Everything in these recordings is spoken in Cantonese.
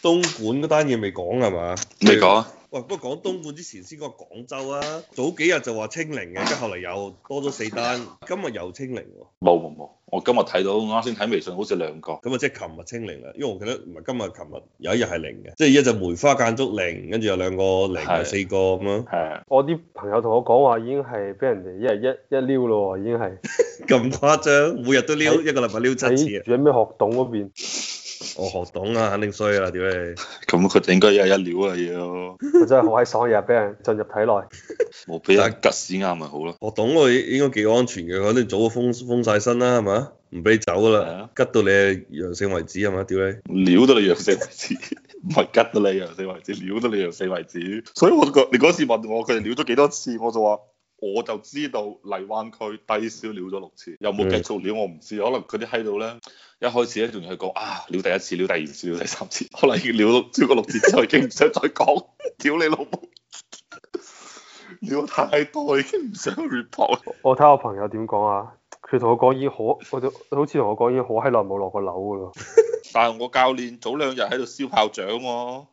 東莞嗰單嘢未講係嘛？未講啊。喂，不過講東莞之前先講廣州啊。早幾日就話清零嘅，跟住後嚟又多咗四單，今日又清零。冇冇冇，我今日睇到啱先睇微信，好似兩個。咁啊，即係琴日清零啦，因為我記得唔係今日，琴日有一日係零嘅，即係一隻梅花間竹零，跟住有兩個零，又的四個咁樣。係啊。我啲朋友同我講話已經係俾人哋一日一一,一溜咯，已經係。咁誇張？每日都溜在一個禮拜溜七次啊在！在在住喺咩學懂嗰邊？我學懂啊，肯定衰啦，屌你！咁佢哋應該一日一撩啊 要，佢真係好閪爽，日日俾人進入體內，冇俾人吉屎眼咪好咯。學懂我應該幾安全嘅，肯定早個封封晒身啦，係嘛？唔俾你走啦，吉、啊、到你陽性為止，係嘛？屌你！撩到你陽性為止，唔係吉到你陽性為止，撩到你陽性為止。所以我你嗰次問我佢哋撩咗幾多次，我就話。我就知道荔灣區低燒尿咗六次，有冇繼續尿我唔知，可能佢啲喺度咧，一開始咧仲要佢講啊，尿第一次、尿第二次、尿第三次，可能尿到超過六次之後已經唔想再講，屌你老母，尿太多已經唔想 report。我睇下我朋友點講啊，佢同我講已好，我好似同我講已好閪耐冇落過樓噶咯。但係我教練早兩日喺度燒炮仗喎啊。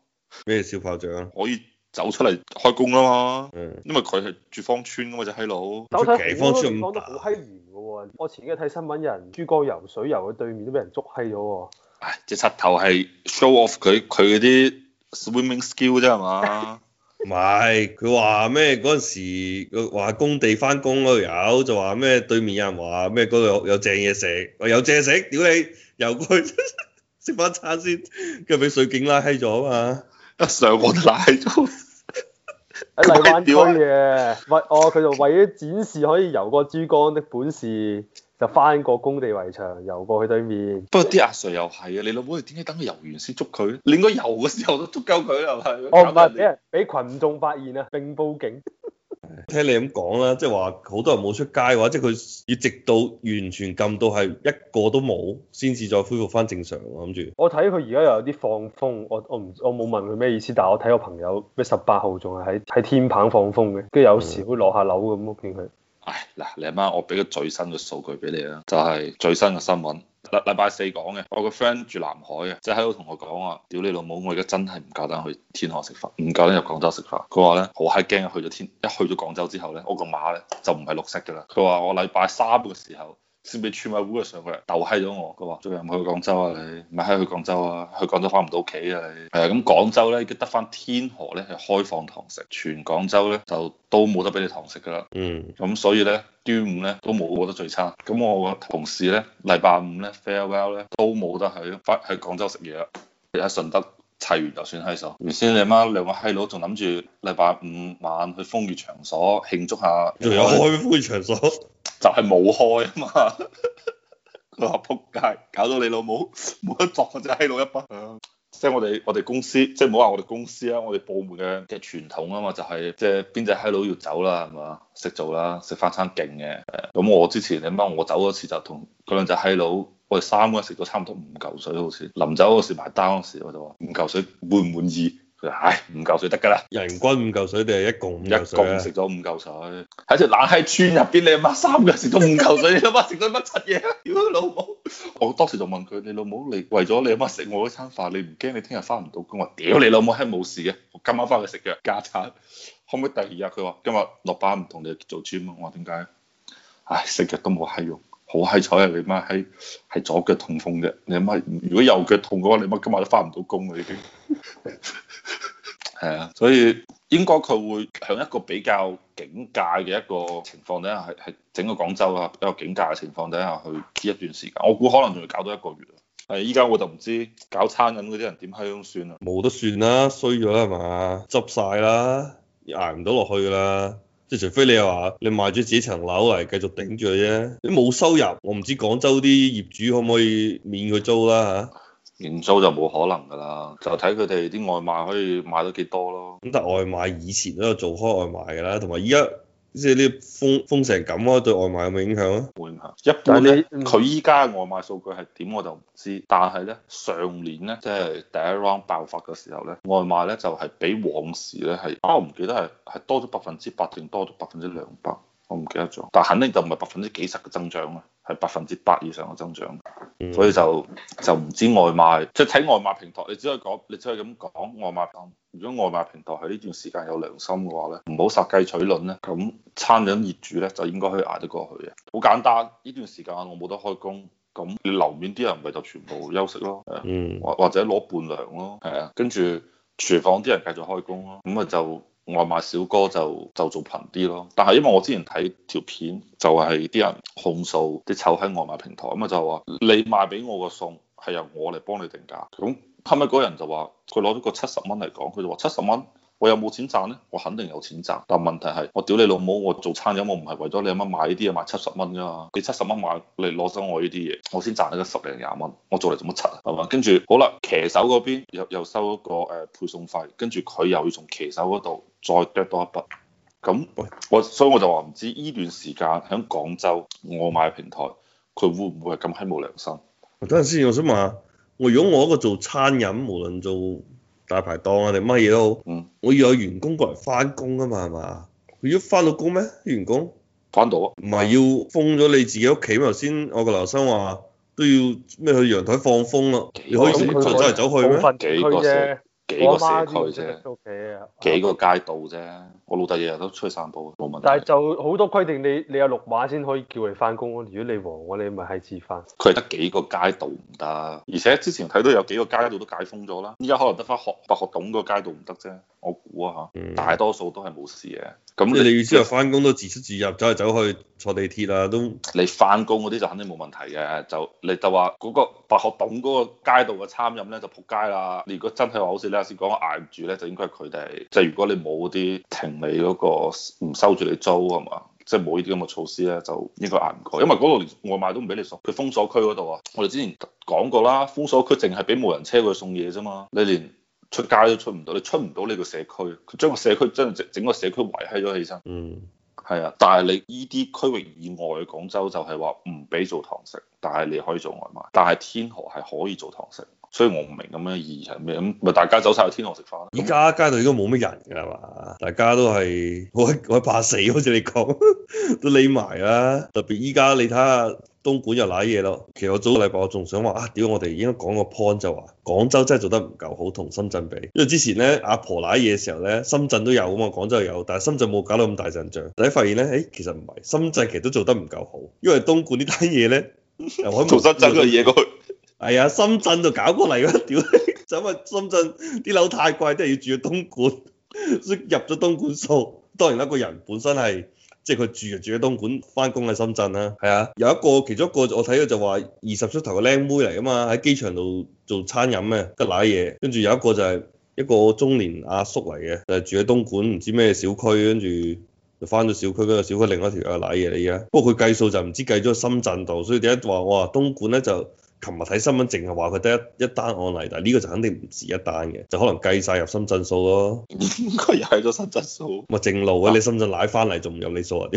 咩燒炮仗？可以。走出嚟開工啦嘛，嗯、因為佢係住芳村噶嘛，啊，隻閪佬走出嚟芳村咁大。講得好閪嚴噶喎，我前幾日睇新聞，有人珠江游水游去對面都俾人捉閪咗喎。唉，隻柒頭係 show off 佢佢嗰啲 swimming skill 啫，係嘛？唔係， 佢話咩嗰陣時話工地翻工嗰度有，就話咩對面有人話咩嗰度有正嘢食，話有正嘢食，屌你，游過去食翻餐先，跟住俾水警拉閪咗啊嘛，一 上岸就拉咗。喺荔灣區嘅，為 哦佢就為咗展示可以游過珠江的本事，就翻過工地圍牆游過去對面。 不過啲阿 Sir 又係啊，你老母點解等佢游完先捉佢？你應該游嘅時候都捉夠佢係咪？我唔係俾人俾群眾發現啊，並報警。聽你咁講啦，即係話好多人冇出街嘅話，即係佢要直到完全禁到係一個都冇，先至再恢復翻正常。我諗住，我睇佢而家又有啲放風，我我唔我冇問佢咩意思，但係我睇我朋友咩十八號仲係喺喺天棚放風嘅，跟住有時會落下樓咁，屋見佢。他唉，嗱，你阿媽，我俾個最新嘅數據俾你啦，就係、是、最新嘅新聞。禮禮拜四講嘅，我個 friend 住南海嘅，就喺度同我講話，屌你老母，我而家真係唔夠膽去天河食飯，唔夠膽入廣州食飯。佢話咧好閪驚，去咗天一去咗廣州之後咧，我個碼咧就唔係綠色㗎啦。佢話我禮拜三嘅時候。先俾村委會嘅上個日逗嗨咗我。佢話：最近唔去廣州啊你，你咪嗨去廣州啊，去廣州翻唔到屋企啊你。誒，咁、哎嗯、廣州咧，已經得翻天河咧係開放堂食，全廣州咧就都冇得俾你堂食噶啦。嗯。咁、嗯、所以咧，端午咧都冇嗰啲聚餐。咁、嗯嗯、我同事咧，禮拜五咧，farewell 咧都冇得去翻去廣州食嘢啦。而家順德齊完就算嗨數。原、嗯、先、嗯、你阿媽，媽兩個閪佬仲諗住禮拜五晚去風月場所慶祝下，仲有去風月場所。 就係冇開啊嘛， 佢話仆街，搞到你老母冇得做，隻閪佬一筆，即係我哋我哋公司，即係冇話我哋公司啊，我哋部門嘅嘅傳統啊嘛，就係即係邊隻閪佬要走啦，係嘛？識做啦，食飯餐勁嘅。咁我之前你問我走嗰時就同嗰兩隻閪佬，我哋三個人食咗差唔多五嚿水好似。臨走嗰時，埋單嗰時我就話五嚿水滿唔滿意？唉，五嚿水得噶啦。人均五嚿水定係一共五？一共食咗五嚿水。喺隻冷閪村入邊，你阿媽三日食咗五嚿水，你阿媽食咗乜柒嘢啊？屌你老母！我當時就問佢：，你老母你為咗你阿媽食我嗰餐飯，你唔驚你聽日翻唔到工？我屌你老母係冇事嘅。我今晚翻去食藥加餐。可唔可以第二日？佢話：，今日落班唔同你做 gym 我話：，點解？唉，食藥都冇閪用，好閪彩啊！你媽閪係左腳痛風啫，你阿媽如果右腳痛嘅話，你媽今晚都翻唔到工啦已經。係啊，所以應該佢會向一個比較警戒嘅一個情況底下，係係整個廣州啊一個警戒嘅情況底下去一段時間，我估可能仲要搞多一個月啊。係，依家我就唔知搞餐飲嗰啲人點香算啦，冇得算啦，衰咗啦，係嘛，執晒啦，捱唔到落去㗎啦。即係除非你又話你賣咗自己層樓嚟繼續頂住佢啫，你冇收入，我唔知廣州啲業主可唔可以免佢租啦嚇。年租就冇可能噶啦，就睇佢哋啲外賣可以賣到幾多咯。咁但外賣以前都有做開外賣噶啦，同埋依家即係啲封封成咁啊，對外賣有冇影響啊？冇影響。影響一般咧，佢依家外賣數據係點我就唔知。但係咧，上年咧，即係第一 round 爆發嘅時候咧，外賣咧就係比往時咧係，啊我唔記得係係多咗百分之百定多咗百分之兩百，我唔記得咗。但肯定就唔係百分之幾十嘅增長啊。係百分之百以上嘅增長，所以就就唔知外賣，即係睇外賣平台，你只可以講，你只可以咁講外賣。如果外賣平台喺呢段時間有良心嘅話咧，唔好殺雞取卵咧，咁餐飲業主咧就應該可以捱得過去嘅。好簡單，呢段時間我冇得開工，咁你樓面啲人咪就全部休息咯，嗯，或或者攞半糧咯，係啊，跟住廚房啲人繼續開工咯，咁啊就。外賣小哥就就做頻啲咯，但係因為我之前睇條片就係、是、啲人控訴啲醜喺外賣平台，咁啊就話你賣俾我個餸係由我嚟幫你定價，咁後尾嗰人就話佢攞咗個七十蚊嚟講，佢就話七十蚊。我有冇錢賺呢，我肯定有錢賺，但問題係我屌你老母，我做餐飲，我唔係為咗你阿媽買呢啲嘢買七十蚊㗎嘛，你七十蚊買你攞走我呢啲嘢，我先賺你個十零廿蚊，我做嚟做乜七？啊？係嘛？跟住好啦，騎手嗰邊又又收一個誒配送費，跟住佢又要從騎手嗰度再剁多一筆，咁我所以我就話唔知呢段時間喺廣州我買嘅平台，佢會唔會係咁閪冇良心？等陣先，我想問下，我如果我一個做餐飲，無論做。大排檔啊，你乜嘢都好，嗯、我要有員工過嚟翻工啊嘛，係嘛？佢要翻到工咩？員工翻到？唔係了要封咗你自己屋企咩？頭先我個劉生話都要咩去陽台放風咯，你可以直接就走嚟走去咩？幾多嘢？幾個社區啫、啊，幾個街道啫。我老豆日日都出去散步，冇問題。但係就好多規定你，你你有綠碼先可以叫佢翻工，如果你黃嘅，我你咪係自翻。佢係得幾個街道唔得，而且之前睇到有幾個街道都解封咗啦。依家可能得翻學白學咁嗰個街道唔得啫。我估啊嚇，嗯、大多數都係冇事嘅。咁你意思係，翻工都自出自入，走去走去，坐地鐵啊都。你翻工嗰啲就肯定冇問題嘅，就你就話嗰個白鶴洞嗰個街道嘅餐飲咧就仆街啦。你如果真係話好似你頭先講捱唔住咧，就應該係佢哋。即係、如果你冇啲停你嗰個唔收住你租係嘛，即係冇呢啲咁嘅措施咧，就應該捱唔過。因為嗰度連外賣都唔俾你送，佢封鎖區嗰度啊，我哋之前講過啦，封鎖區淨係俾無人車過去送嘢啫嘛，你連。出街都出唔到，出你出唔到呢個社區。佢將個社區，將整個社區圍起咗起身。嗯，係啊，但係你依啲區域以外嘅廣州就係話唔俾做堂食，但係你可以做外賣，但係天河係可以做堂食。所以我唔明咁樣意義係咩咁，咪大家走晒去天河食飯啦。依家街度已經冇乜人㗎喇嘛，大家都係我我怕死，好似你講都匿埋啊。特別依家你睇下東莞又瀨嘢咯。其實我早個禮拜我仲想話啊，屌我哋應該講個 point 就話廣州真係做得唔夠好同深圳比，因為之前咧阿婆瀨嘢時候咧，深圳都有咁啊，廣州有，但係深圳冇搞到咁大陣仗。但係發現咧，誒、欸、其實唔係，深圳其實都做得唔夠好，因為東莞呢單嘢咧又可做深圳嘅嘢過去。 係啊、哎，深圳就搞過嚟啦，屌，因為深圳啲樓太貴，都係要住喺東莞， 所以入咗東莞數，當然啦，個人本身係，即係佢住就住喺東莞，翻工喺深圳啦、啊。係啊，有一個其中一個我睇到就話二十出頭嘅靚妹嚟噶嘛，喺機場度做餐飲嘅吉奶嘢，跟住有一個就係一個中年阿叔嚟嘅，就係、住喺東莞唔知咩小區，跟住就翻咗小區，跟住小區另一條阿奶嘢嚟嘅。不過佢計數就唔知計咗深圳度，所以點解話哇，東莞咧就？琴日睇新聞，淨係話佢得一一單案例，但係呢個就肯定唔止一單嘅，就可能計晒入深圳數咯。 應該又係咗深圳數。咪正路嘅、啊，啊、你深圳奶翻嚟仲唔有你數啊？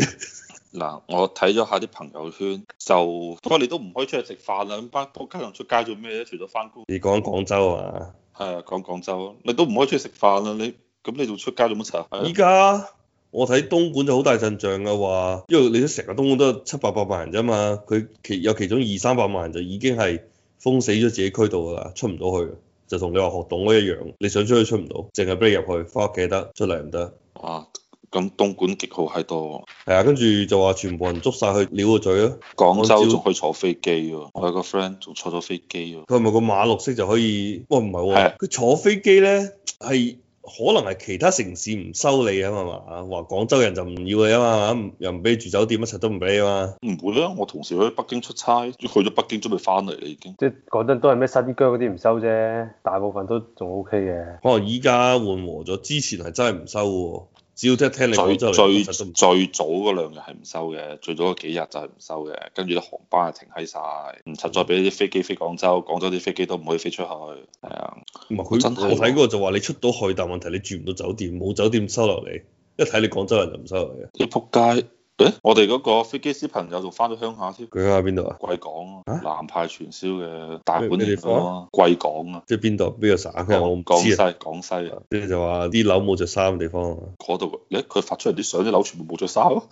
嗱， 我睇咗下啲朋友圈，就不過你，你都唔可以出去食飯啦，咁班工人出街做咩咧？除咗翻工。你講廣州啊？係啊，講廣州，你都唔可以出去食飯啦，你咁你仲出街做乜柒啊？依家。我睇東莞就好大陣仗啊！話，因為你都成個東莞都七八百萬人啫嘛，佢其有其中二三百萬人就已經係封死咗自己區度噶啦，出唔到去，就同你話學懂一樣，你想出去出唔到，淨係俾你入去，翻屋企得，出嚟唔得。啊，咁東莞極好喺度。係啊，跟住就話全部人他捉晒去撩個嘴咯、啊。廣州仲去坐飛機喎、啊，我有個 friend 仲坐咗飛機喎。佢係咪個馬綠色就可以？喂，唔係佢坐飛機咧係。可能係其他城市唔收你啊嘛，話廣州人就唔要你啊嘛，的又唔俾住酒店，一切都唔俾啊嘛。唔會啦、啊，我同事去北京出差，去咗北京準備翻嚟啦已經。即係講真，都係咩新疆嗰啲唔收啫，大部分都仲 OK 嘅。可能依家緩和咗，之前係真係唔收喎。只要一聽你廣州人最最早嗰兩日係唔收嘅，最早嗰幾日就係唔收嘅，跟住啲航班又停喺晒，唔實在俾啲飛機飛廣州，廣州啲飛機都唔可以飛出去。係啊，唔係佢後睇嗰個就話你出到去，但問題你住唔到酒店，冇酒店收落嚟，一睇你廣州人就唔收你啊！你撲街。誒，我哋嗰個飛機師朋友就翻咗鄉下先。佢鄉下邊度啊？貴港啊，南派傳銷嘅大本地方啊，貴港啊，即係邊度？邊個省啊？我唔知啊。廣西，廣西啊。跟住就話啲樓冇着衫嘅地方嗰度，你睇佢發出嚟啲相，啲樓全部冇着衫咯。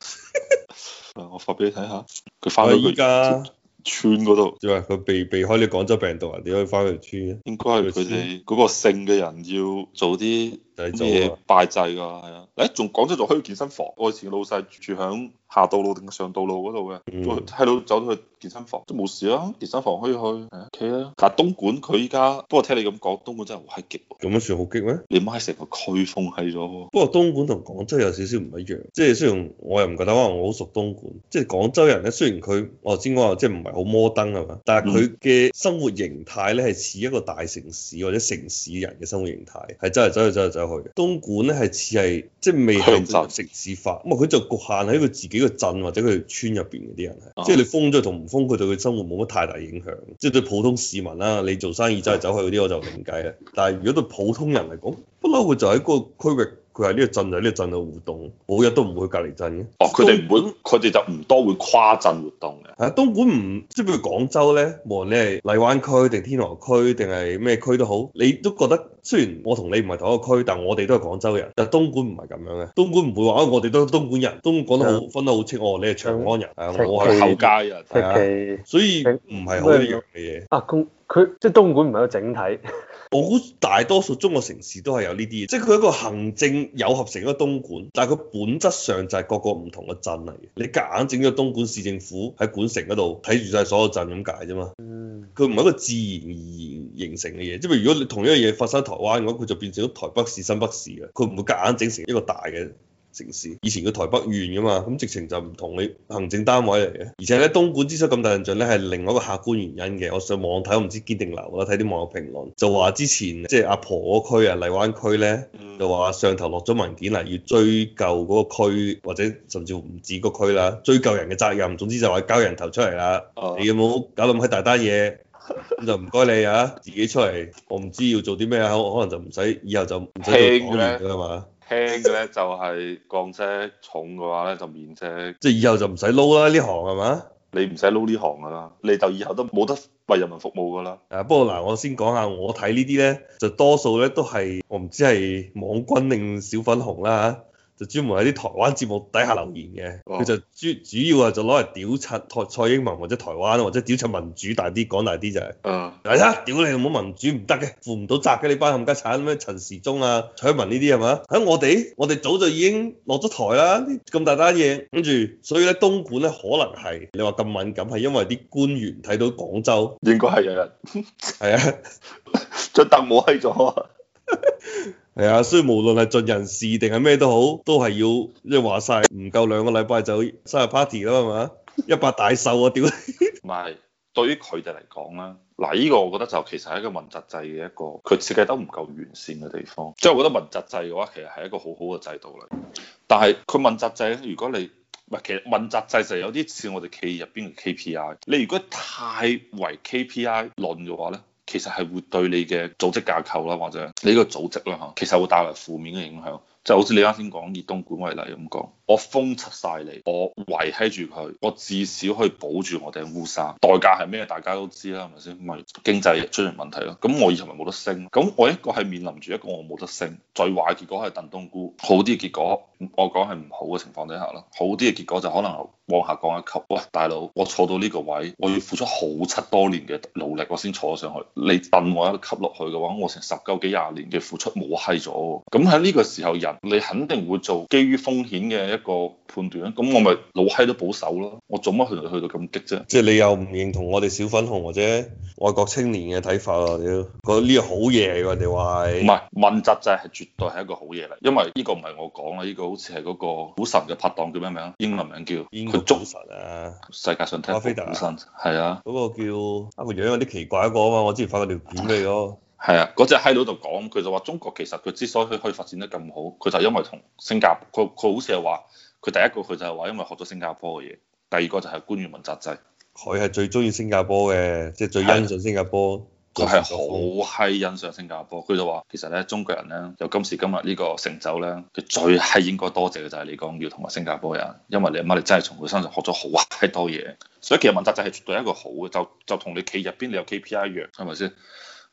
我發俾你睇下，佢翻去佢依家村嗰度。即係佢避避開啲廣州病毒啊，你可以翻去村嘅？應該係佢哋嗰個姓嘅人要做啲。咩、啊、拜祭㗎係啊！誒仲廣州仲可以健身房，我以前老細住響下道路定上道路嗰度嘅，走去喺度走咗去健身房都冇事啊！健身房可以去，係 OK 啊！但係東莞佢依家，不過聽你咁講，東莞真係好激喎。咁樣算好激咩？你咪成個區封閪咗喎！不過東莞同廣州有少少唔一樣，即係雖然我又唔覺得可能我好熟東莞，即係廣州人咧。雖然佢我頭先講話即係唔係好摩登 d 係嘛，但係佢嘅生活形態咧係似一個大城市或者城市人嘅生活形態，係走嚟走去走去走。去東莞咧，係似係即係未係城市化，咁啊佢就局限喺佢自己個鎮或者佢村入邊嗰啲人，啊、即係你封咗同唔封，佢對佢生活冇乜太大影響。即係對普通市民啦、啊，你做生意走嚟走去嗰啲我就唔計啦。但係如果對普通人嚟講，不嬲佢就喺嗰個區域。佢係呢個鎮就喺呢個鎮嘅活動，每日都唔會去隔離鎮嘅。哦，佢哋唔會，佢哋就唔多會跨鎮活動嘅。係啊，東莞唔即係譬如廣州咧，無論你係荔灣區定天河區定係咩區都好，你都覺得雖然我同你唔係同一個區，但我哋都係廣州人。但係東莞唔係咁樣嘅，東莞唔會話啊，我哋都係東莞人，東莞講得好分得好清。我話、哦嗯、你係長安人，係、嗯、我係厚街人，係、嗯、啊，所以唔係好一樣嘅嘢。啊、嗯，嗯嗯嗯嗯佢即係東莞唔係一個整體，我估 大多數中國城市都係有呢啲嘢，即係佢一個行政有合成一個東莞，但係佢本質上就係各個唔同嘅鎮嚟嘅。你夾硬整咗東莞市政府喺莞城嗰度睇住晒所有鎮咁解啫嘛。嗯，佢唔係一個自然而然形成嘅嘢，即係如果你同一樣嘢發生台灣嘅話，佢就變成咗台北市新北市嘅。佢唔會夾硬整成一個大嘅城市以前嘅台北縣㗎嘛，咁直情就唔同你行政單位嚟嘅，而且咧東莞之所以咁大印象咧，係另外一個客觀原因嘅。我上網睇，我唔知堅定流啦，睇啲網友評論就話之前即係阿婆嗰區啊，荔灣區咧就話上頭落咗文件啊，要追究嗰個區或者甚至唔止個區啦，追究人嘅責任。總之就話交人頭出嚟啦，你有冇搞到咁閪大單嘢？咁 就唔該你啊！自己出嚟，我唔知要做啲咩啊，我可能就唔使，以後就唔使做講嘅啦嘛。 輕嘅咧就係降職，重嘅話咧就免職，即係 以後就唔使撈啦，呢行係嘛？你唔使撈呢行噶啦，你就以後都冇得為人民服務噶啦。誒， 不過嗱，我先講下我睇呢啲咧，就多數咧都係我唔知係網軍定小粉紅啦就專門喺啲台灣節目底下留言嘅，佢就主主要啊就攞嚟屌柒蔡英文，或者台灣，或者屌柒民主，大啲講大啲就係、啊啊，嚟啊屌你冇民主唔得，嘅負唔到責嘅你班冚家鏟咩陳時中啊蔡文呢啲係嘛？喺、啊、我哋我哋早就已經落咗台啦，咁大單嘢跟住，所以咧東莞咧可能係你話咁敏感係因為啲官員睇到廣州應該係有人係是啊，就凳冇喺咗。係啊，所以無論係盡人事定係咩都好，都係要即係話晒。唔夠兩個禮拜就生日 party 啦，係嘛？一百大壽啊，屌！唔係，對於佢哋嚟講啦，嗱、這、呢個我覺得就其實係一個問責制嘅一個佢設計得唔夠完善嘅地方。即係我覺得問責制嘅話，其實係一個好好嘅制度啦。但係佢問責制咧，如果你唔係其實問責制就有啲似我哋企業入邊嘅 KPI。你如果太為 KPI 論嘅話咧，其實係會對你嘅組織架構啦，或者你個組織啦，其實會帶來負面嘅影響。就好似你啱先講以東莞為例咁講。我封出晒你，我維繫住佢，我至少可以保住我頂烏紗。代價係咩？大家都知啦，係咪先？咪經濟出現問題咯。咁我以後咪冇得升。咁我一個係面臨住，一個我冇得升。最壞結果係燉冬菇，好啲結果我講係唔好嘅情況底下啦。好啲嘅結果就可能往下降一級。喂、哎，大佬，我坐到呢個位，我要付出好七多年嘅努力，我先坐上去。你燉我一級落去嘅話，我成十九幾廿年嘅付出冇閪咗。咁喺呢個時候人，你肯定會做基於風險嘅一個判斷咧，咁我咪老閪都保守咯。我做乜佢去到咁激啫？即係你又唔認同我哋小粉紅或者外國青年嘅睇法啊？屌，嗰呢個好嘢㗎，你話唔係問責制、就、係、係、絕對係一個好嘢嚟，因為呢個唔係我講啦，呢、呢個好似係嗰個股神嘅拍檔叫咩名？英文名叫？佢股神啊！世界上第一股神係啊，嗰個叫啊個樣有啲奇怪一個啊嘛。我之前發過條片俾你咯。 係啊，嗰隻喺度就講，佢就話中國其實佢之所以可以發展得咁好，佢就因為同新加坡，佢佢好似係話，佢第一個佢就係話因為學咗新加坡嘅嘢，第二個就係官員問責制，佢係最中意新加坡嘅，即係最欣賞新加坡，佢係好閪欣賞新加坡，佢就話其實咧，中國人咧，由今時今日呢個成就咧，佢最閪應該多謝嘅就係李光耀同埋新加坡人，因為你阿媽，媽你真係從佢身上學咗好閪多嘢，所以其實問責制係絕對一個好嘅，就就同你企入邊你有 KPI 一樣，係咪先？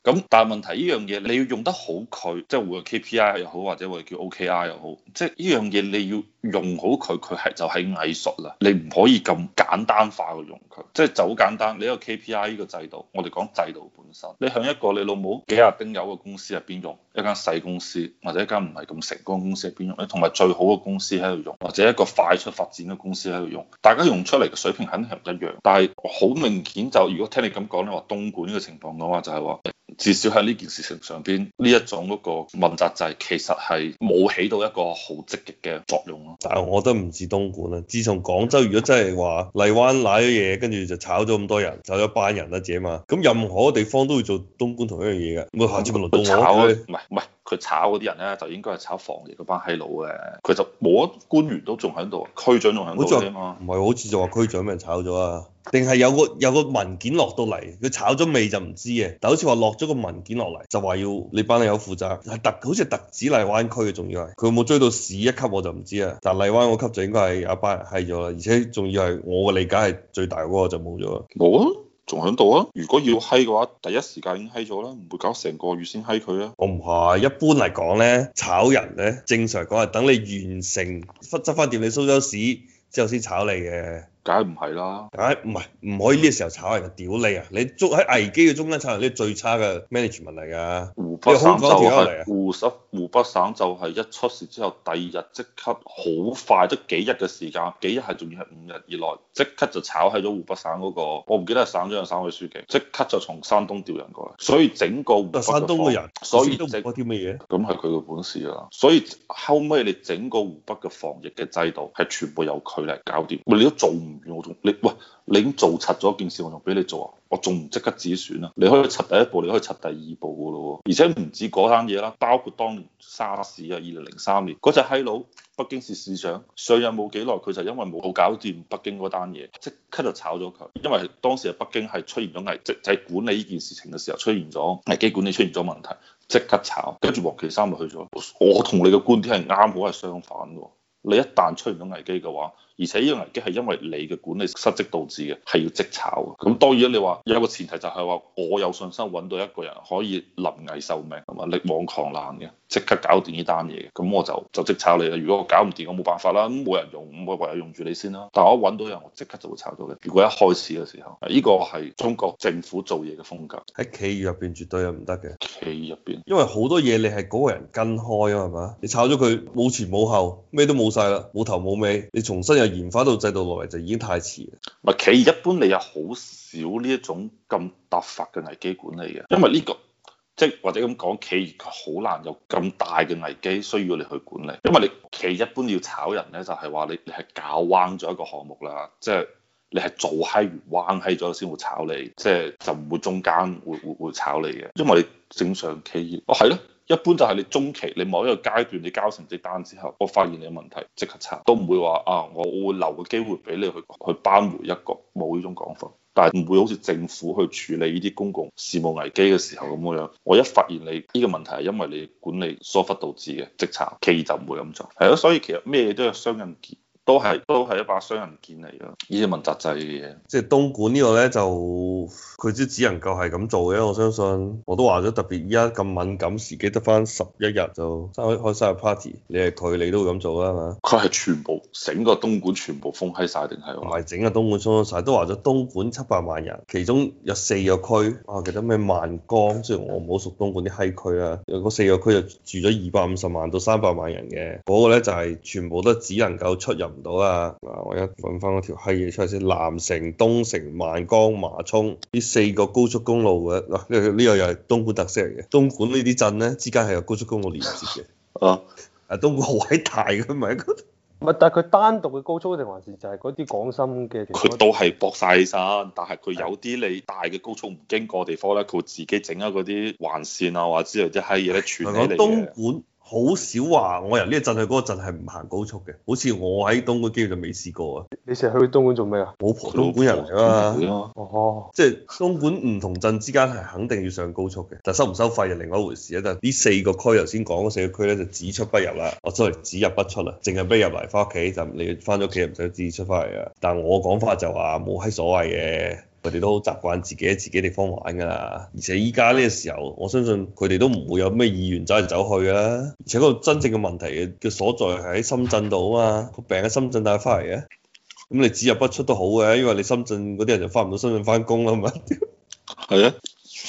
咁但係問題呢樣嘢你要用得好佢，即係會 KPI 又好，或者話叫 OKI、OK、又好，即係呢樣嘢你要用好佢，佢係就係藝術啦。你唔可以咁簡單化去用佢，即係就好簡單。你一個 KPI 呢個制度，我哋講制度本身，你向一個你老母幾下丁友嘅公司入邊用，一間細公司或者一間唔係咁成功嘅公司入邊用咧，同埋最好嘅公司喺度用，或者一個快速發展嘅公司喺度用，大家用出嚟嘅水平肯定係唔一樣。但係好明顯就，如果聽你咁講你話東莞呢個情況嘅話就，就係話。至少喺呢件事情上邊，呢一種嗰個問責制其實係冇起到一個好積極嘅作用咯。但係我都唔似東莞啊，自從廣州如果真係話荔灣賴咗嘢，跟住就炒咗咁多人，就一班人啊姐嘛，咁任何地方都會做東莞同一樣嘢嘅。咁下次落都炒，唔係唔係，佢炒嗰啲人咧就應該係炒防疫嗰班閪佬嘅。佢就冇一官員都仲喺度，區長仲喺度啫嘛。唔係，好似就話區長俾人炒咗啊？定係有個有個文件落到嚟，佢炒咗未就唔知嘅。但好似話落咗個文件落嚟，就話要你班友負責，係特好似係特指荔灣區嘅，仲要係佢冇追到市一級我就唔知啦。但係荔灣嗰級就應該係一班人蝦咗啦，而且仲要係我嘅理解係最大嗰個就冇咗啦。冇啊，仲喺度啊！如果要蝦嘅話，第一時間已經蝦咗啦，唔會搞成個月先蝦佢啊。我唔係，一般嚟講咧，炒人咧，正常講係等你完成執執翻掂你蘇州屎之後先炒你嘅。梗係唔係啦？梗係唔係唔可以呢個時候炒人哋，屌你啊！你中喺危機嘅中間炒人呢，最差嘅 management 嚟㗎。湖北省就係湖北，湖北省就係一出事之後，第二日即刻好快，即幾日嘅時間，幾日係仲要係五日以內，即刻就炒喺咗湖北省嗰、嗰個，我唔記得係省長定省委書記，即刻就從山東調人過嚟。所以整個湖北嘅人，所以，所以都即係啲咩嘢？咁係佢嘅本事啊。所以後尾你整個湖北嘅防疫嘅制度係全部由佢嚟搞掂。你都做唔。我仲你喂，你已經做柒咗件事，我仲俾你做啊？我仲唔即刻止損啊？你可以去柒第一步，你可以柒第二步噶咯喎。而且唔止嗰單嘢啦，包括當年沙士啊，二零零三年嗰隻閪佬，北京市市長上任冇幾耐，佢就因為冇搞掂北京嗰單嘢，即刻就炒咗佢。因為當時喺北京係出現咗危機，即係管理呢件事情嘅時候出現咗危機管理出現咗問題，即刻炒。跟住王岐山就去咗。我同你嘅觀點係啱好係相反喎。你一旦出現咗危機嘅話，而且呢個危機係因為你嘅管理失職導致嘅，係要即炒嘅。咁當然你話有一個前提就係話我有信心揾到一個人可以臨危受命，咁啊力挽狂瀾嘅，即刻搞掂呢單嘢。咁我就就即炒你啦。如果我搞唔掂，我冇辦法啦，咁冇人用，咁我唯有用住你先啦。但我揾到人，我即刻就會炒到嘅。如果一開始嘅時候，呢、這個係中國政府做嘢嘅風格，喺企業入邊絕對係唔得嘅。企業入邊，因為好多嘢你係嗰個人跟開啊，係嘛？你炒咗佢，冇前冇後，咩都冇晒啦，冇頭冇尾，你重新研發到制度落嚟就已經太遲啦。唔係企業一般，你有好少呢一種咁突發嘅危機管理嘅。因為呢個即係或者咁講，企業佢好難有咁大嘅危機需要你去管理。因為你企業一般要炒人咧，就係話你你係搞彎咗一個項目啦，即係你係做閪完彎閪咗先會炒你，即係就唔會中間會會會炒你嘅。因為你正常企業哦，係咯。一般就係你中期，你某一個階段你交成績單之後，我發現你嘅問題，即刻查，都唔會話啊，我會留個機會俾你去去扳回一個，冇呢種講法。但係唔會好似政府去處理呢啲公共事務危機嘅時候咁嘅樣，我一發現你呢個問題係因為你管理疏忽導致嘅，即查。企業就唔會咁做。係咯，所以其實咩嘢都有雙刃劍。都係都係一把雙刃劍嚟咯，呢啲問責制嘅嘢，即係東莞呢個咧就佢只只能夠係咁做嘅，我相信我都話咗特別依家咁敏感時機，記得翻十一日就開開生日 party，你係佢你都會咁做啦嘛。佢係全部整個東莞全部封閪晒定係？唔係整個東莞封閪曬，都話咗東莞七百萬人，其中有四個區，啊記得咩萬江，雖然我唔好熟東莞啲閪區啊，有嗰四個區就住咗二百五十萬到三百萬人嘅，嗰個咧就係全部都只能夠出入。唔到啊！嗱，我一揾翻嗰條閪嘢出先，南城、東城、萬江、麻涌，呢四個高速公路嘅嗱，呢、啊、呢個又係東莞特色嚟嘅。東莞鎮呢啲鎮咧之間係有高速公路連接嘅。哦、啊。啊，啊，東莞好偉大嘅，唔係唔係， 但係佢單獨嘅高速定還是就係嗰啲廣深嘅？佢都係博晒起身，但係佢有啲你大嘅高速唔經過地方咧，佢是的 自己整啊嗰啲環線啊，或者嗰啲閪嘢咧串起嚟嘅。東莞的。好少話，我由呢個鎮去嗰個鎮係唔行高速嘅，好似我喺東莞基本上未試過啊。你成日去東莞做咩啊？老婆東莞人嚟啊嘛、啊。哦，即係東莞唔同鎮之間係肯定要上高速嘅，但收唔收費又另外一回事啊。就呢四個區，頭先講嗰四個區咧就只出不入啦，我所謂只入不出啊，淨係俾入埋翻屋企就你翻咗屋企唔使自己出翻嚟啊。但係我講法就話冇閪所謂嘅。佢哋都好習慣自己喺自己地方玩噶，而且依家呢個時候，我相信佢哋都唔會有咩意願走嚟走去啊。而且嗰個真正嘅問題嘅所在係喺深圳度啊嘛，個病喺深圳帶翻嚟嘅，咁你只入不出都好嘅，因為你深圳嗰啲人就翻唔到深圳翻工啊嘛。係啊。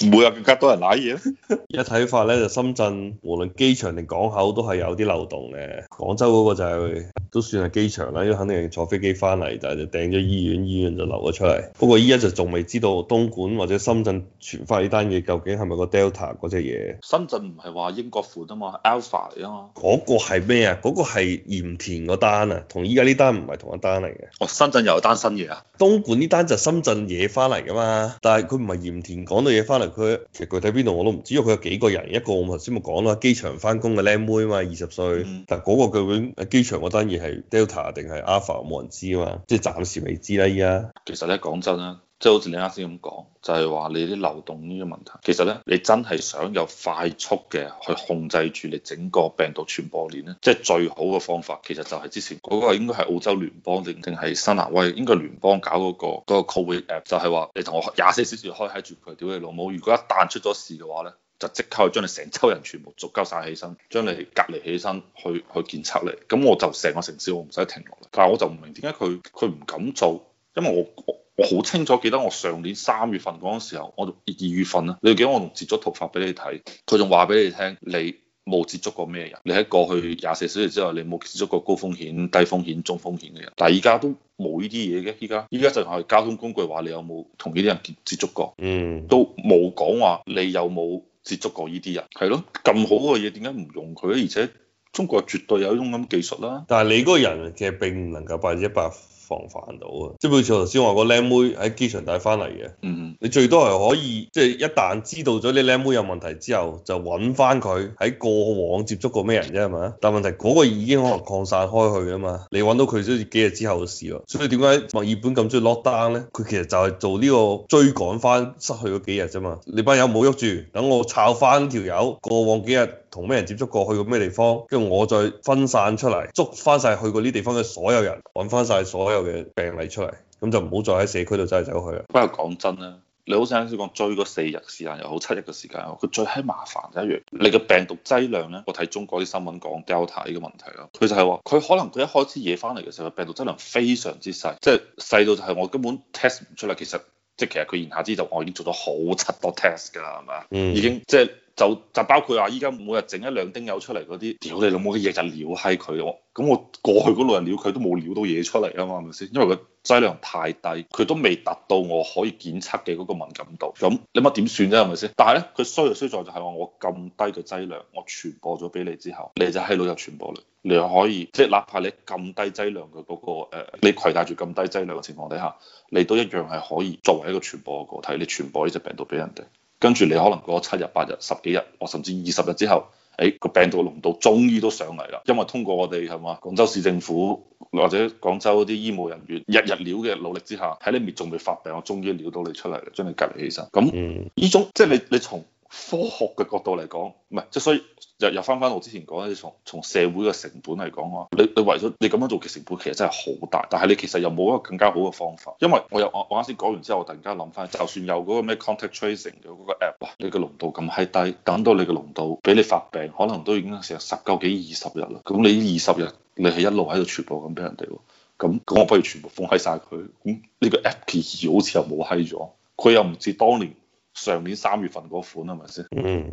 唔會有更加多人攋嘢。 一睇法咧，就深圳無論機場定港口都係有啲漏洞嘅。廣州嗰個就係、係、都算係機場啦，因為肯定要坐飛機翻嚟，但係就訂咗醫院，醫院就流咗出嚟。不過依家就仲未知道東莞或者深圳傳翻呢單嘢，究竟係咪 Del 個 Delta 嗰隻嘢？深圳唔係話英國款啊嘛，Alpha 嚟啊嘛。嗰個係咩啊？嗰、嗰個係鹽田嗰單啊，同依家呢單唔係同一單嚟嘅。哦，深圳又有一單新嘢啊？東莞呢單就深圳嘢翻嚟噶嘛，但係佢唔係鹽田講到嘢翻嚟。佢其實具體邊度我都唔知，因為佢有幾個人，一個我頭先咪講啦，機場翻工嘅靚妹啊嘛，二十歲。嗯、但嗰個究竟喺機場嗰單嘢係 Delta 定係 Alpha，冇人知啊嘛，即係暫時未知啦依家。其實咧講真啦。即係好似你啱先咁講，就係話你啲流動呢個問題，其實咧，你真係想有快速嘅去控制住你整個病毒傳播鏈咧，即係最好嘅方法，其實就係之前嗰個應該係澳洲聯邦定定係新南威，應該聯邦搞嗰個嗰個 COVID app，就係話你同我廿四小時開喺住佢，屌你老母！如果一旦出咗事嘅話咧，就即刻去將你成州人全部逐鳩晒起身，將你隔離起身去去，去檢測你，咁我就成個城市我唔使停落嚟。但係我就唔明點解佢佢唔敢做，因為我。我好清楚記得我上年三月份嗰陣時候，我二月份啦，你記得我同截咗圖發俾你睇，佢仲話俾你聽，你冇接觸過咩人，你喺過去廿四小時之後，你冇接觸過高風險、低風險、中風險嘅人，但係依家都冇呢啲嘢嘅，依家依家就係交通工具話你有冇同呢啲人接接觸過，嗯，都冇講話你有冇接觸過呢啲人，係咯、哦，咁好嘅嘢點解唔用佢咧？而且中國絕對有呢種咁技術啦，但係你嗰個人其實並唔能夠百分之百。防範到啊！即係好似我頭先話個僆妹喺機場帶翻嚟嘅，嗯嗯、mm，hmm. 你最多係可以即係、就是、一旦知道咗你僆妹有問題之後，就揾翻佢喺過往接觸過咩人啫，係咪啊？但問題嗰個已經可能擴散開去啊嘛，你揾到佢都係幾日之後嘅事咯。所以點解墨爾本咁中意落單咧？佢其實就係做呢個追趕翻失去嗰幾日啫嘛。你班友冇喐住，等我抄翻條友過往幾日。同咩人接觸過，去過咩地方，跟住我再分散出嚟，捉翻晒去過呢地方嘅所有人，揾翻晒所有嘅病例出嚟，咁就唔好再喺社區度走嚟走去啦。不過講真啦，你好似啱先講追嗰四日時間又好，七日嘅時間，佢最閪麻煩就一樣，你嘅病毒劑量咧，我睇中國啲新聞講 Delta 呢個問題咯，佢就係話佢可能佢一開始惹翻嚟嘅時候，病毒劑量非常之細，即係細到就係我根本 test 唔出嚟。其實即係、就是、其實佢言下之意就我已經做咗好七多 test 㗎啦，係咪啊？嗯。已經即係。就是就就包括話依家每日整一兩丁友出嚟嗰啲，屌你老母嘅日日撩閪佢我，咁我過去嗰路人撩佢都冇撩到嘢出嚟啊嘛，係咪先？因為個劑量太低，佢都未達到我可以檢測嘅嗰個敏感度。咁你乜點算啫？係咪先？但係咧，佢衰就衰在就係話我咁低嘅劑量，我傳播咗俾你之後，你就喺度又傳播你又可以，即係哪怕你咁低劑量嘅嗰個誒，你攜帶住咁低劑量嘅情況底下，你都一樣係可以作為一個傳播嘅個體，你傳播呢隻病毒俾人哋。跟住你可能過七日八日十幾日，或甚至二十日之後，誒、哎、個病毒濃度終於都上嚟啦，因為通過我哋係嘛廣州市政府或者廣州啲醫務人員日日料嘅努力之下，喺你面仲未發病，我終於料到你出嚟，將你隔離起身。咁呢、嗯、種即係你你從。科學嘅角度嚟講，唔係即係所以又又翻翻我之前講，你從從社會嘅成本嚟講啊，你你為咗你咁樣做嘅成本其實真係好大，但係你其實又冇一個更加好嘅方法，因為我又我我啱先講完之後，我突然間諗翻，就算有嗰個咩 contact tracing 嘅嗰個 app，哇，你個濃度咁低，等到你嘅濃度俾你發病，可能都已經成十嚿幾二十日啦，咁你二十日你係一路喺度傳播咁俾人哋喎，咁咁我不如全部封閪晒佢，咁呢個 app 嘅意義好似又冇閪咗，佢又唔似當年。上年三月份嗰款係咪先？是是嗯，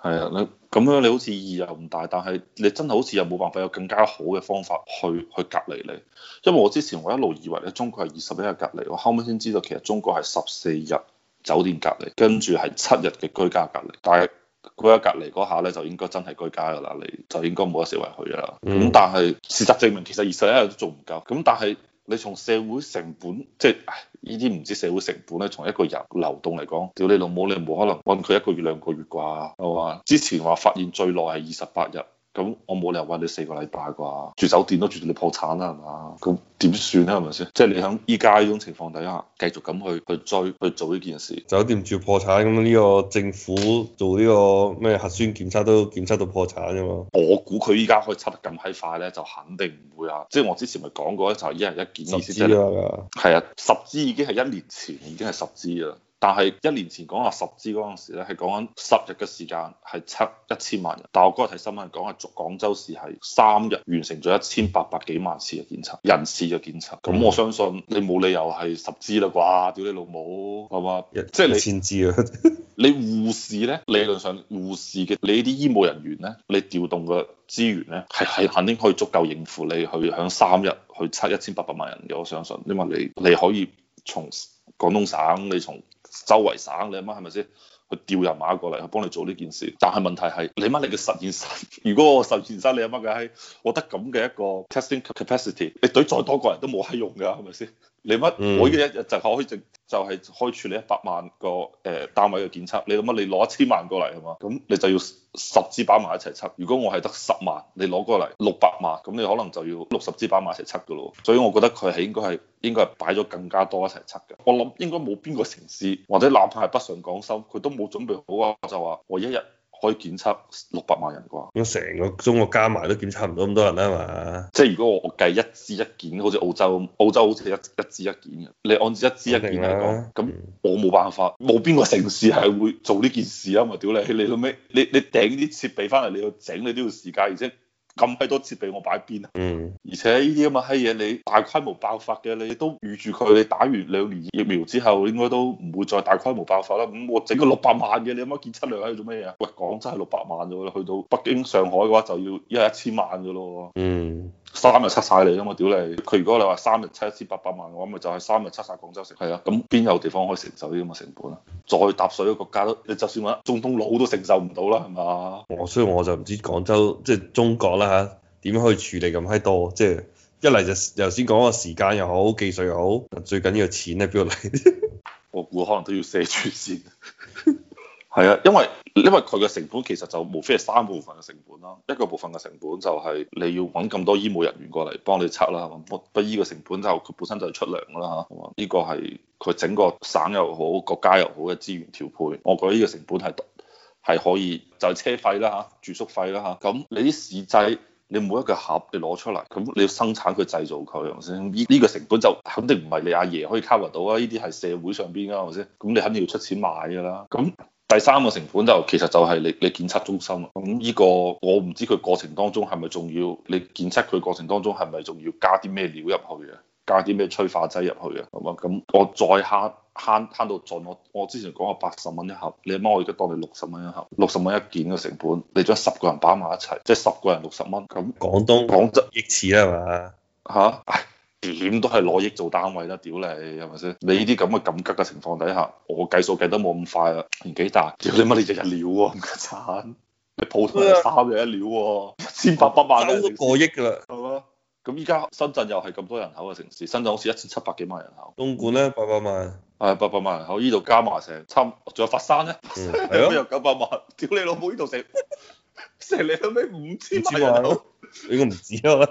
係啊，你咁樣你好似意義又唔大，但係你真係好似又冇辦法有更加好嘅方法去去隔離你。因為我之前我一路以為咧中國係二十一日隔離，我後尾先知道其實中國係十四日酒店隔離，跟住係七日嘅居家隔離。但係居家隔離嗰下咧就應該真係居家㗎啦，你就應該冇得四圍去㗎啦。咁、嗯、但係事實證明其實二十一日都做唔夠，咁但係。你從社會成本，即係依啲唔知社會成本咧，從一個人流動嚟講，屌你老母，你冇可能搵佢一個月兩個月啩，係嘛？之前話發現最耐係二十八日。咁我冇理由話你四個禮拜啩，住酒店都住到你破產啦，係嘛？咁點算咧，係咪先？即係、就是、你喺依家呢種情況底下，繼續咁去去追去做呢件事，酒店住破產，咁呢個政府做呢個咩核酸檢測都檢測到破產啫嘛。我估佢依家可以測得咁閪快咧，就肯定唔會啊！即係我之前咪講過咧，就一、是、日一件意思即係，係啊十支已經係一年前已經係十支啦。但係一年前講話十支嗰陣時咧，係講緊十日嘅時間係測一千萬人。但我嗰日睇新聞講係廣州市係三日完成咗一千八百幾萬次嘅檢測，人次嘅檢測。咁我相信你冇理由係十支啦啩，屌你老母係嘛？即係你先知啊！ 你護士咧，理論上護士嘅你啲醫務人員咧，你調動嘅資源咧，係係肯定可以足夠應付你去響三日去測一千八百萬人嘅。我相信，因為你你可以從廣東省，你從周圍省你阿媽係咪先？去調人馬過嚟去幫你做呢件事，但係問題係，你媽你嘅實驗室，如果我實驗室你阿媽嘅係我得咁嘅一個 testing capacity，你懟再多個人都冇閪用㗎，係咪先？你乜？我依家一日就可可以直就係開處理一百萬個誒單位嘅檢測。你咁乜？你攞一千萬過嚟係嘛？咁你就要十支板埋一齊測。如果我係得十萬，你攞過嚟六百萬，咁你可能就要六十支板埋一齊測㗎咯。所以我覺得佢係應該係應該係擺咗更加多一齊測嘅。我諗應該冇邊個城市或者哪怕係北上廣深，佢都冇準備好啊！我就話我一日。可以檢測六百萬人啩，咁成個中國加埋都檢測唔到咁多人啊嘛！即係如果我我計一支一檢，好似澳洲，澳洲好似一一支一檢嘅，你按照一支一檢嚟講，咁定、啊、我冇辦法，冇邊個城市係會做呢件事啊嘛！屌你，你到尾你你掟啲設備翻嚟，你要整，你都要時間，而且。咁閪多設備我擺邊啊？嗯，而且呢啲咁嘅閪嘢，你大規模爆發嘅，你都預住佢，你打完兩年疫苗之後，應該都唔會再大規模爆發啦。咁、嗯、我整個六百萬嘅，你阿媽見出嚟喺度做咩啊？喂，廣州係六百萬啫喎，去到北京、上海嘅話就要一日一千萬嘅咯。嗯，三日測晒你啊嘛，屌你！佢如果你話三日測一千八百萬嘅話，咪就係三日測晒廣州城。係啊，咁邊有地方可以承受呢啲咁嘅成本啊？再搭水嘅國家都，你就算話中東佬都承受唔到啦，係嘛？我所以我就唔知廣州即係、就是、中國啦。嚇點樣可以處理咁喺度，即係一嚟就頭先講個時間又好，技術又好，最緊要錢咧邊度嚟？ 我估可能都要借住先。係 啊，因為因為佢嘅成本其實就無非係三部分嘅成本啦。一個部分嘅成本就係你要揾咁多醫務人員過嚟幫你測啦。不不依個成本就佢本身就係出糧啦嚇。呢、這個係佢整個省又好，國家又好嘅資源調配。我覺得呢個成本係。係可以，就係車費啦嚇，住宿費啦嚇，咁你啲市制，你每一個盒你攞出嚟，咁你要生產佢，製造佢，係咪先？依呢個成本就肯定唔係你阿爺可以 cover 到啊，呢啲係社會上邊噶，係咪先？咁你肯定要出錢買㗎啦。咁第三個成本就其實就係你，你檢測中心啊。咁呢個我唔知佢過程當中係咪仲要，你檢測佢過程當中係咪仲要加啲咩料入去啊？加啲咩催化劑入去嘅，係嘛？咁我再慳慳慳到盡我，我我之前講過八十蚊一盒，你阿媽我而家當你六十蚊一盒，六十蚊一件嘅成本，你將十個人擺埋一齊，即係十個人六十蚊，咁廣東廣州億次啦嘛，嚇？唉、啊，點、哎、都係攞億做單位啦，屌你係咪先？你呢啲咁嘅緊急嘅情況底下，我計數計得冇咁快啦、啊，年紀大，屌你媽你日日料喎、啊，唔得閑，你普通人三日一料喎、啊， 千八百萬 都過億㗎啦。咁依家深圳又係咁多人口嘅城市，深圳好似一千七百幾萬人口，東莞咧八百萬，係八百萬人口，依度加埋成差唔多，仲有佛山咧，係咯的，有九百萬，屌 你老母呢度成成你老尾五千萬，你都唔止啊，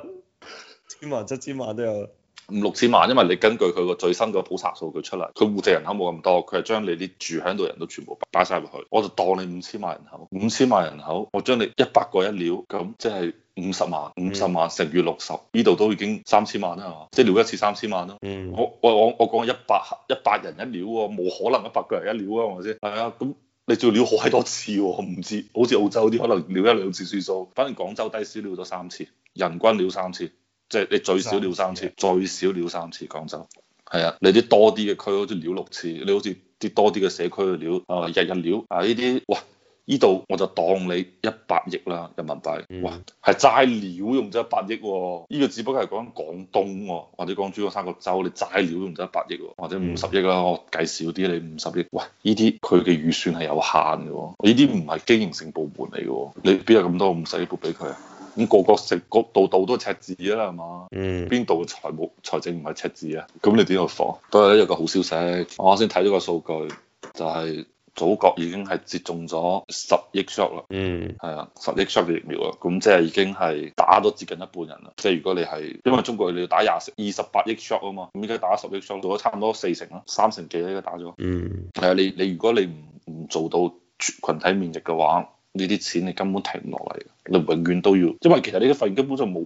千 萬七千萬都有。五六千萬，因為你根據佢個最新個普查數據出嚟，佢戶籍人口冇咁多，佢係將你啲住喺度人都全部擺晒入去，我就當你五千萬人口，五千萬人口，我將你一百個一料，咁即係五十萬，五十萬乘以六十，呢度都已經三千萬啦，係嘛？即係料一次三千萬咯。嗯。我我我講一百一百人一料，冇可能一百個人一料啊，係咪先？係啊，咁你仲料好多次喎，唔知好似澳洲啲可能料一兩次算數，反正廣州低消料咗三次，人均料三次。即係你最少了三次，最少了三次。廣州、嗯，係啊，你啲多啲嘅區好似料六次，你好似啲多啲嘅社區去料，啊，日日料。啊，呢啲哇，呢度我就當你一百億啦人民幣，哇，係齋、嗯、料用咗一百億、哦，呢、這個只不過係講廣東、哦、或者講珠三角洲，你齋料用咗一百億、哦，或者五十億啦，嗯、我計少啲你五十億。喂，呢啲佢嘅預算係有限嘅，呢啲唔係經營性部門嚟嘅，你邊有咁多五十億撥俾佢啊？咁個個食，個度度都，都赤字啦，係嘛？邊度、嗯、財務財政唔係赤字啊？咁你點樣防？不過一有個好消息，我先睇咗個數據，就係、是、祖國已經係接種咗十億 shot 啦。嗯。係啊，十億 shot 嘅疫苗啊，咁即係已經係打咗接近一半人啦。即係如果你係因為中國你要打廿二十八億 shot 啊嘛，咁而家打十億 shot，做咗差唔多四成咯，三成幾都已經打咗。嗯。係啊，你你如果你唔唔做到群體免疫嘅話。呢啲錢你根本停唔落嚟，你永遠都要，因為其實呢啲份根本就冇。